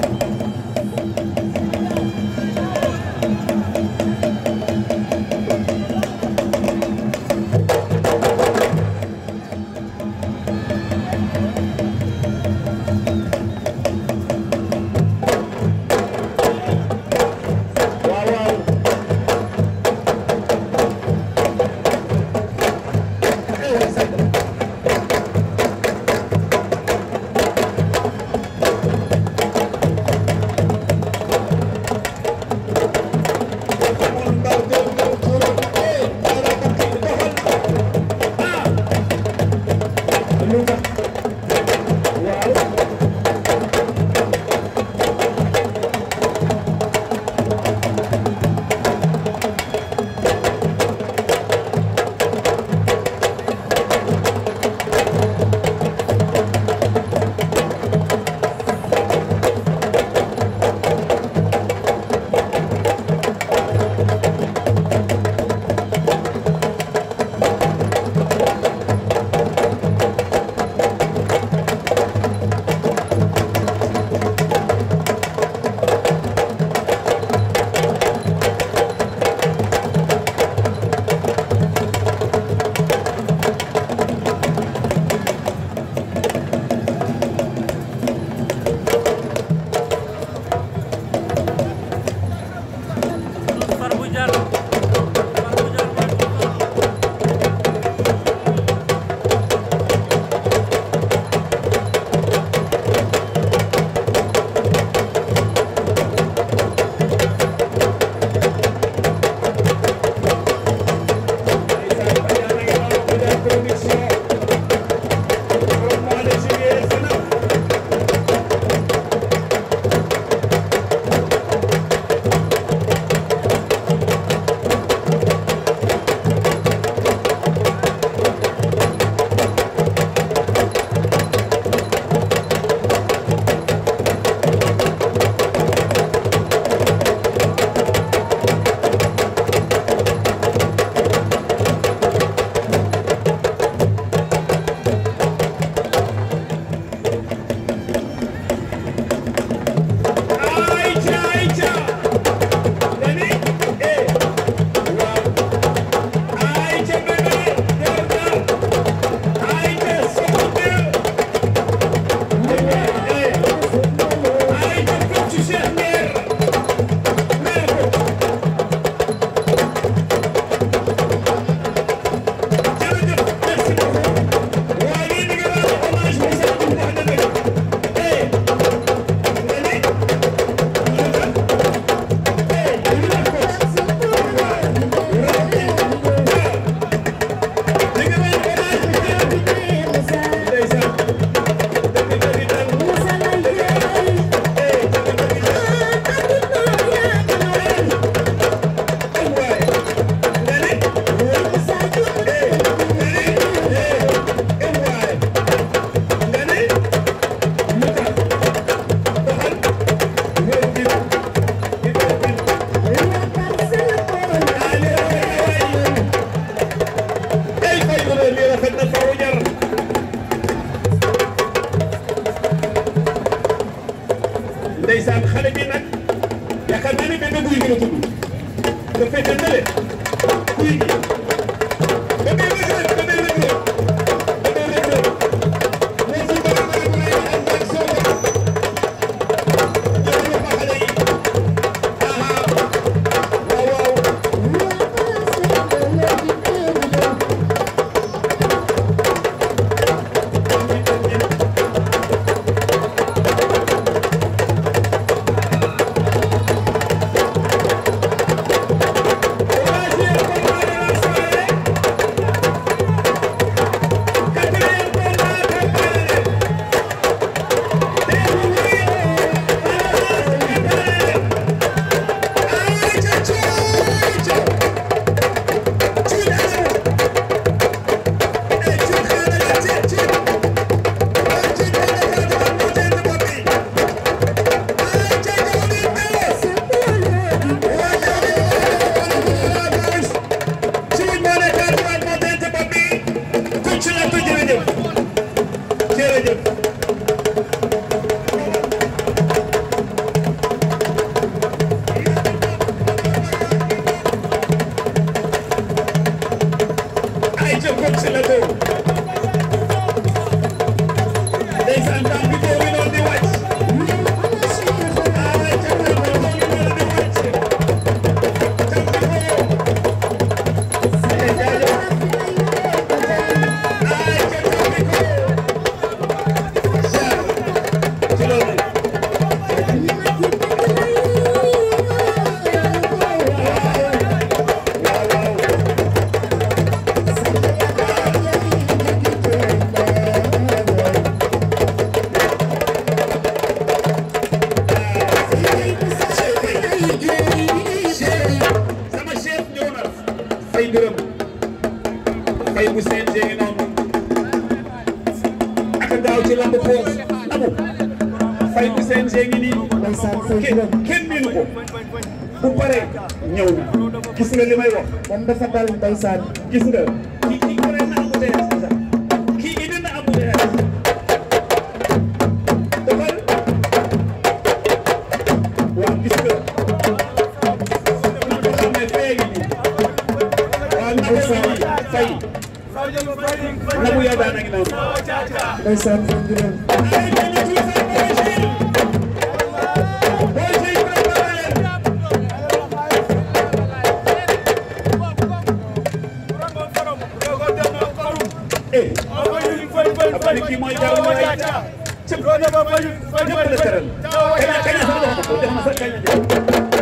Thank you. ndeysaan xale bi nag yaakaar naa ne benn guy bi nga tudd nga féete nële guy bi Thank you. fay dërëm fay bu CNG ngi noonu ak gaaw ci lamb poos amu fay bu CNG ngi nii kenn miinu ko bu paree ñëw na gis nga li wax moom dafa dal ndeysaan gis nga Big. fay Nabou Yada a ngi noonu ndeysaan Thank you.